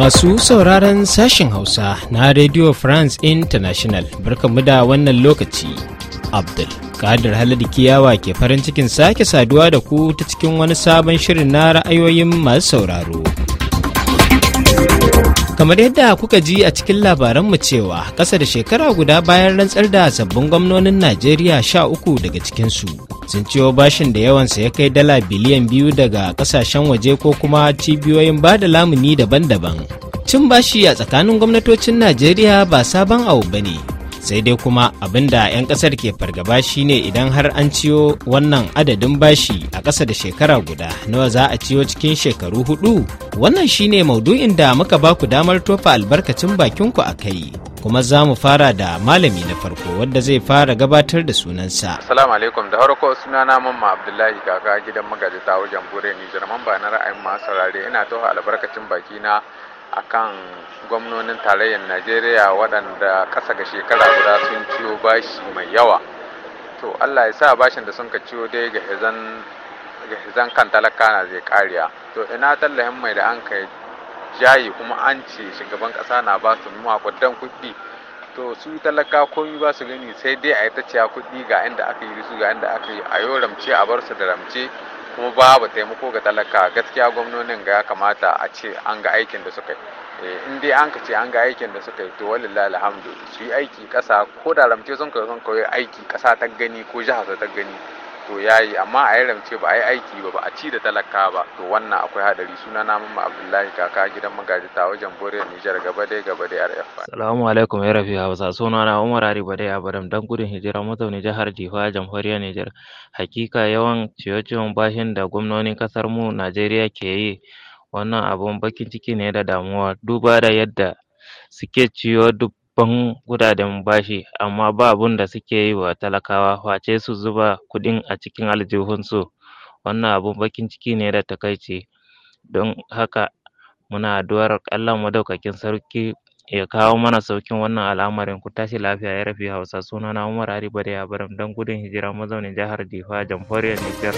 Masu sauraron sashen Hausa na Radio France International barkamu da wannan lokaci. Abdul Kadir Haladu Kiyawa ke farin cikin sake saduwa da ku ta cikin wani sabon shirin na ra'ayoyin masu sauraro. kamar yadda kuka ji a cikin labaran mu cewa ƙasa da shekara guda bayan rantsar da sabbin gwamnonin najeriya sha uku daga cikinsu sun ciwo bashin da yawan yawansa ya kai dala biliyan biyu daga ƙasashen waje ko kuma cibiyoyin bada lamuni daban-daban cin bashi a tsakanin gwamnatocin najeriya ba sabon abu ba ne sai dai kuma abin da 'yan kasar ke fargaba shine idan har an ciyo wannan adadin bashi a ƙasa da shekara guda nawa za a ciyo cikin shekaru hudu wannan shine maudu'in da muka ba ku damar tofa albarkacin bakinku a kai kuma za mu fara da malami na farko wadda zai fara gabatar da sunansa. Assalamu alaikum da harko sunana mamma Abdullahi kaka gidan magaji ta wajen bure ni jarman ba na ra'ayin masarare ina toha albarkacin baki na akan gwamnonin tarayyar najeriya waɗanda kasa ga shekara guda sun ciyo bashi mai yawa to allah ya sa bashin da sun ka ciyo dai ga hizan kan talaka na zai kariya to ina tallahin mai da an kai jayi kuma an ce shugaban ƙasa na ba su makudan kuɗi to su talaka komi ba su gani sai dai a yi ta ciya kuɗi ga inda aka yi su ga inda aka yi a yau ramce a bar su da ramce kuma babu taimako ga talaka gaskiya gwamnonin ga ya kamata a ce an ga aikin da suka yi eh, in dai an ka ce an ga aikin da suka yi to wallahi alhamdu su yi aiki kasa ko da ramce sun kai sun kawai aiki kasa ta gani ko jiha ta gani to yayi amma a yaran ce ba a yi aiki ba ba a ci da talaka ba to wannan akwai hadari suna na mamma abdullahi kaka gidan magajita wajen boriyar nijar gaba dai gaba dai rf salamu alaikum ya rafi hausa suna na umar ari ba dai abadam dan gudun hijira mazauni jihar jifa jamhuriyar nijar hakika yawan ciyo-ciyon bashin da gwamnonin kasar mu najeriya ke yi wannan abun bakin ciki ne da damuwa duba da yadda suke ciyo duk babban kudaden bashi amma ba abun da suke yi wa talakawa face su zuba kuɗin a cikin aljihunsu wannan abun bakin ciki ne da takaici don haka muna addu'ar Allah madaukakin sarki ya kawo mana saukin wannan al'amarin ku tashi lafiya ya rafi hausa sunana Umar Hari da Abaram dan gudun hijira mazaunin jihar Difa jamhuriyar Nijar.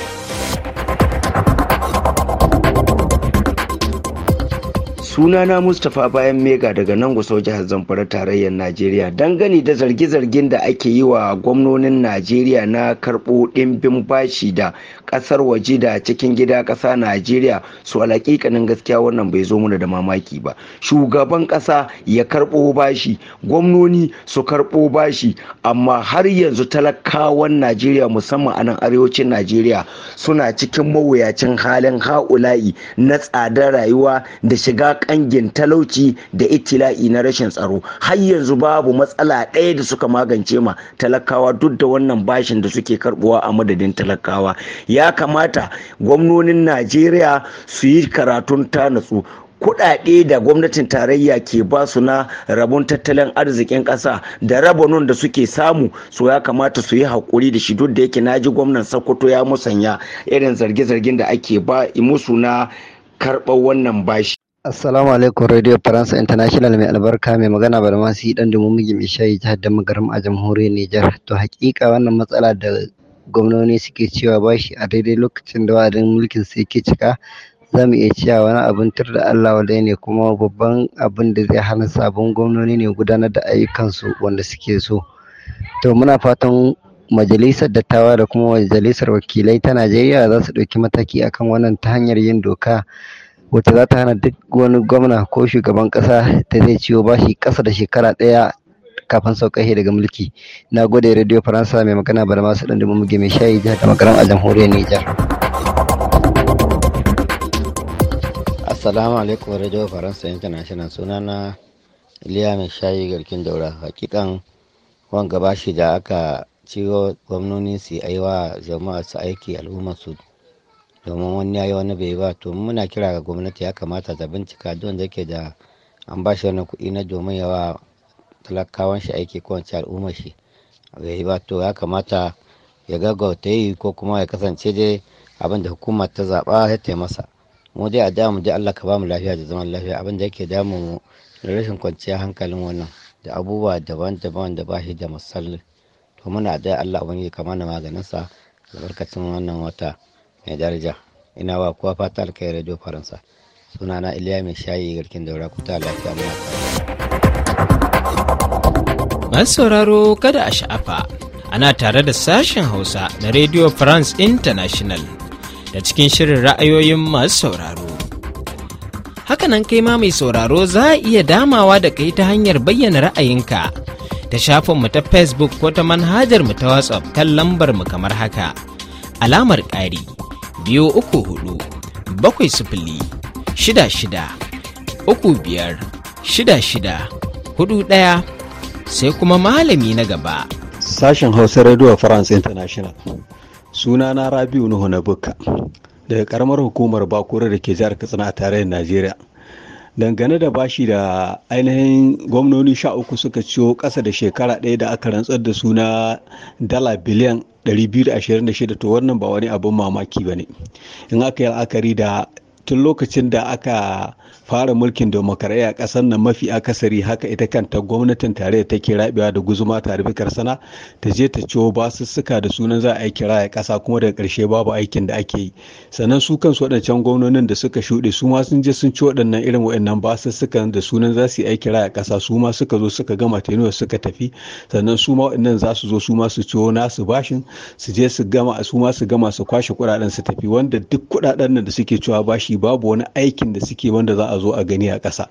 sunana mustapha bayan mega daga nan gusau jihar zamfara tarayyar najeriya dangane da zarge-zargen da ake yi wa gwamnonin najeriya na karɓo ɗimbin bashi da ƙasar waje da cikin gida ƙasa najeriya su alaƙiƙanin gaskiya wannan bai zo mana da mamaki ba shugaban ƙasa ya karɓo bashi gwamnoni su karɓo bashi amma har yanzu talakawan najeriya musamman a nan arewacin najeriya suna cikin mawuyacin halin ha'ula'i na tsadar rayuwa da shiga kangin talauci da itila'i na rashin tsaro har yanzu babu matsala ɗaya da suka magance ma talakawa duk da wannan bashin da suke karbuwa a madadin talakawa ya kamata gwamnonin najeriya su yi karatun ta natsu kuɗaɗe da gwamnatin tarayya ke ba su na rabon tattalin arzikin ƙasa da rabonon da suke samu su ya kamata su yi haƙuri da shi duk da yake naji gwamnan sokoto ya musanya irin zarge-zargen da ake ba musu na karɓar wannan bashi Assalamu alaikum Radio France International mai albarka mai magana masu Barmasi dan Dumumugi mai shayi jihar Damagaram a jamhuriyar Nijar. To hakika wannan matsala da gwamnoni suke cewa bashi a daidai lokacin da wa'adin mulkin su yake cika za mu iya cewa wani abin tur da Allah wadai ne kuma babban abin da zai hana sabon gwamnoni ne gudanar da ayyukansu wanda suke so. To muna fatan majalisar dattawa da kuma majalisar wakilai ta Najeriya za su ɗauki mataki akan wannan ta hanyar yin doka wacce za ta hana duk wani gwamna ko shugaban ƙasa da zai ciwo bashi kasa da shekara ɗaya kafin saukar daga mulki. Na gode Radio Faransa mai magana masu Sudan da Mumuge mai shayi jihar da makaran a jamhuriyar Nijar. Assalamu alaikum Radio Faransa International suna na Iliya mai shayi garkin daura hakikan wanga bashi da aka ciwo gwamnoni su yi wa jama'a su aiki al'ummar su domin wani yayi wani bai ba to muna kira ga gwamnati ya kamata ta bincika don da ke da an ba shi wani kuɗi na domin yawa talakawan shi aiki ko wance al'umma shi bai ba to ya kamata ya gaggauta yi ko kuma ya kasance dai abin da hukuma ta zaɓa ya masa mu dai a damu dai Allah ka ba mu lafiya da zaman lafiya abin da yake damu mu da rashin kwanciyar hankalin wannan da abubuwa daban-daban da ba shi da masallin to muna da Allah Wani ya kama na maganinsa albarkacin wannan wata mai daraja ina wa kowa fata alkai radio faransa sunana iliya mai shayi garkin daura kuta lafiya muna masu sauraro kada a sha'afa ana tare da sashen hausa na radio france international da cikin shirin ra'ayoyin masu sauraro hakanan kai ma mai sauraro za a iya damawa da kai ta hanyar bayyana ra'ayinka ta shafinmu ta facebook ko ta manhajar mu ta whatsapp kan lambar mu kamar haka alamar ƙari biyu uku hudu bakwai sifili shida shida uku biyar shida shida hudu ɗaya sai kuma malami na gaba. Sashen Hausa Radio France International na Rabiu Nuhu na Bukka daga karamar hukumar Bakura da ke jihar Katsina a tarayyar Najeriya. dangane da bashi da ainihin gwamnoni sha uku suka ciyo ƙasa da shekara ɗaya da aka rantsar da suna dala biliyan 226 to wannan ba wani abin mamaki ba ne in aka yi la'akari da tun lokacin da aka fara mulkin demokaraya a ƙasar nan mafi akasari haka ita kanta gwamnatin tare ta ke rabewa da guzuma tare sana ta je ta ciwo basussuka da sunan za a yi a ƙasa kuma daga karshe babu aikin da ake yi sannan su kan su waɗancan gwamnonin da suka shuɗe su ma sun je sun ci waɗannan irin waɗannan basussukan da sunan za su yi kira raya ƙasa su ma suka zo suka gama tenuwa suka tafi sannan su ma waɗannan za su zo su ma su ciwo nasu bashin su je su gama su ma su gama su kwashe kuɗaɗen su tafi wanda duk kuɗaɗen nan da suke cewa bashi babu wani aikin da suke wanda za a zo a gani a ƙasa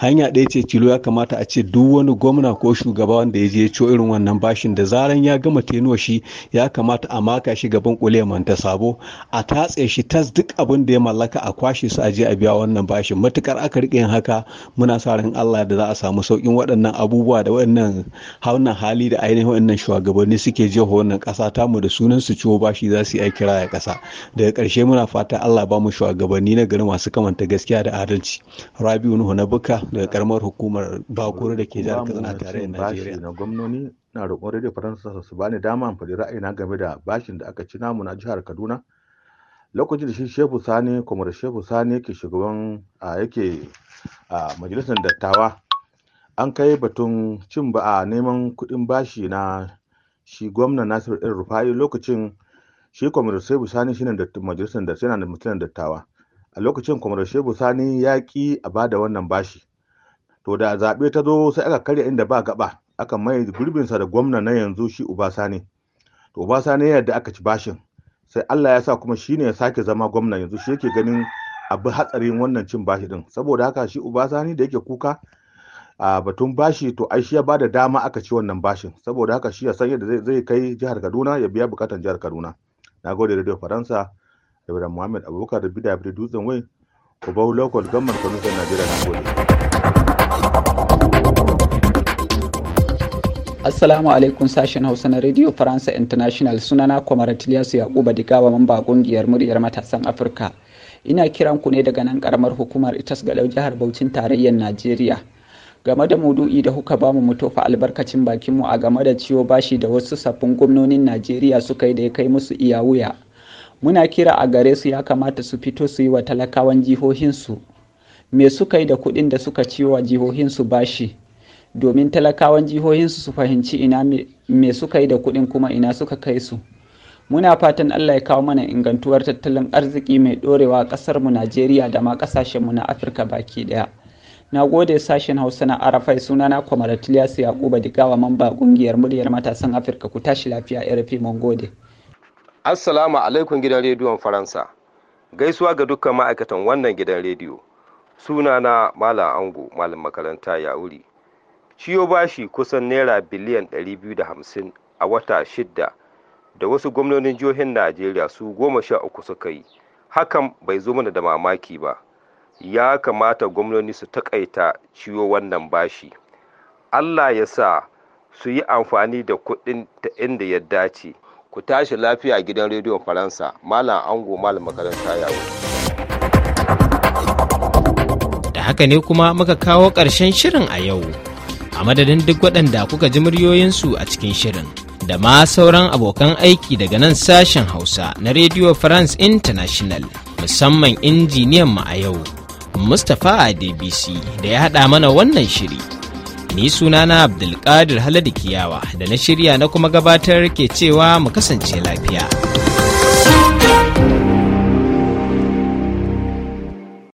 hanya ɗaya ce tilo ya kamata a ce duk wani gwamna ko shugaba wanda ya je ciwo irin wannan bashin da zaran ya gama tenuwa shi ya kamata a maka shi gaban kuleman ta sabo a tatse shi tas duk abin da ya mallaka a kwashe su a je a biya wannan bashin matukar aka rike yin haka muna sa ran Allah da za a samu saukin waɗannan abubuwa da waɗannan haunan hali da ainihin waɗannan shugabanni suke jeho wannan ƙasa mu da sunan su ciwo bashi za su yi kira ya ƙasa daga ƙarshe muna fata Allah ba mu shugabanni na garin masu kamanta gaskiya da adalci Bauchi Rabiu Nuhu na Buka daga karamar hukumar Bakuru da ke jihar Katsina da Najeriya na gwamnoni na roƙon Radio Faransa su bani dama in faɗi ra'ayina game da bashin da aka ci namu na jihar Kaduna lokacin da shi Shehu Sani da Shehu Sani yake shugaban a yake a majalisar dattawa an kai batun cin ba a neman kuɗin bashi na shi gwamna Nasiru ɗan Rufai lokacin shi kwamar Shehu Sani shine da majalisar da sai na da dattawa a lokacin kwamar shehu sani ya ki a bada wannan bashi to da zaɓe ta zo sai aka karya inda ba gaba aka mai sa da gwamna na yanzu shi ubasani to Uba Sani yadda aka ci bashin sai allah ya sa kuma shi ne ya sake zama gwamna yanzu shi yake ganin abu hatsarin wannan cin bashi din saboda haka shi sani da yake kuka a batun bashi to ai shi ya ba da dama aka ci wannan bashin saboda haka shi ya san yadda zai kai jihar kaduna ya biya bukatan jihar kaduna na gode radio faransa ibrahim muhammad abubakar bida bida dutsen wai ku bau local gamar najeriya na gode Assalamu alaikum sashen Hausa na Radio Faransa International sunana Kwamaratiliyasu Yakuba Digawa mamba kungiyar muryar matasan Afirka. Ina kiran ku ne daga nan karamar hukumar Itas Galau jihar Bauchin tarayyar Najeriya. Game da mudu'i da kuka bamu mu tofa albarkacin bakinmu a game da ciwo bashi da wasu sabbin gwamnonin Najeriya suka yi da ya kai musu iya wuya. muna kira a gare su ya kamata su fito su yi wa talakawan jihohinsu me suka yi da kuɗin da suka ci wa jihohinsu bashi domin talakawan jihohinsu su fahimci ina me suka yi da kuɗin kuma ina suka kai su muna fatan allah ya kawo mana ingantuwar tattalin arziki mai ɗorewa a ƙasarmu najeriya da ma ƙasashenmu na afirka baki ɗaya na gode sashen hausa na arafai sunana kwamaratil yasu yakuba digawa mamba ƙungiyar muryar matasan afirka ku tashi lafiya rfi mun gode Assalamu alaikum gidan rediyon Faransa. Gaisuwa ga dukkan ma'aikatan wannan gidan rediyo. Sunana Malam Ango, Malam makaranta ya wuri. Ciyo bashi kusan naira biliyan 250 a wata shidda da wasu gwamnonin jihohin Najeriya su goma sha uku suka yi. Hakan bai zo mana da mamaki ba. Ya kamata gwamnoni su takaita ciwo wannan bashi. Allah ya sa su yi amfani da kuɗin ta inda ya dace. ku tashi lafiya gidan rediyon faransa malam ango malam makaranta yawo da haka ne kuma muka kawo ƙarshen shirin a yau a madadin duk waɗanda kuka ji muryoyinsu a cikin shirin da ma sauran abokan aiki daga nan sashen hausa na radio france international musamman injiniyan mu a yau mustapha adbc da ya haɗa mana wannan shiri Ni sunana Abdulkadir Haladu Kiyawa da na shirya na kuma gabatar ke cewa mu kasance lafiya.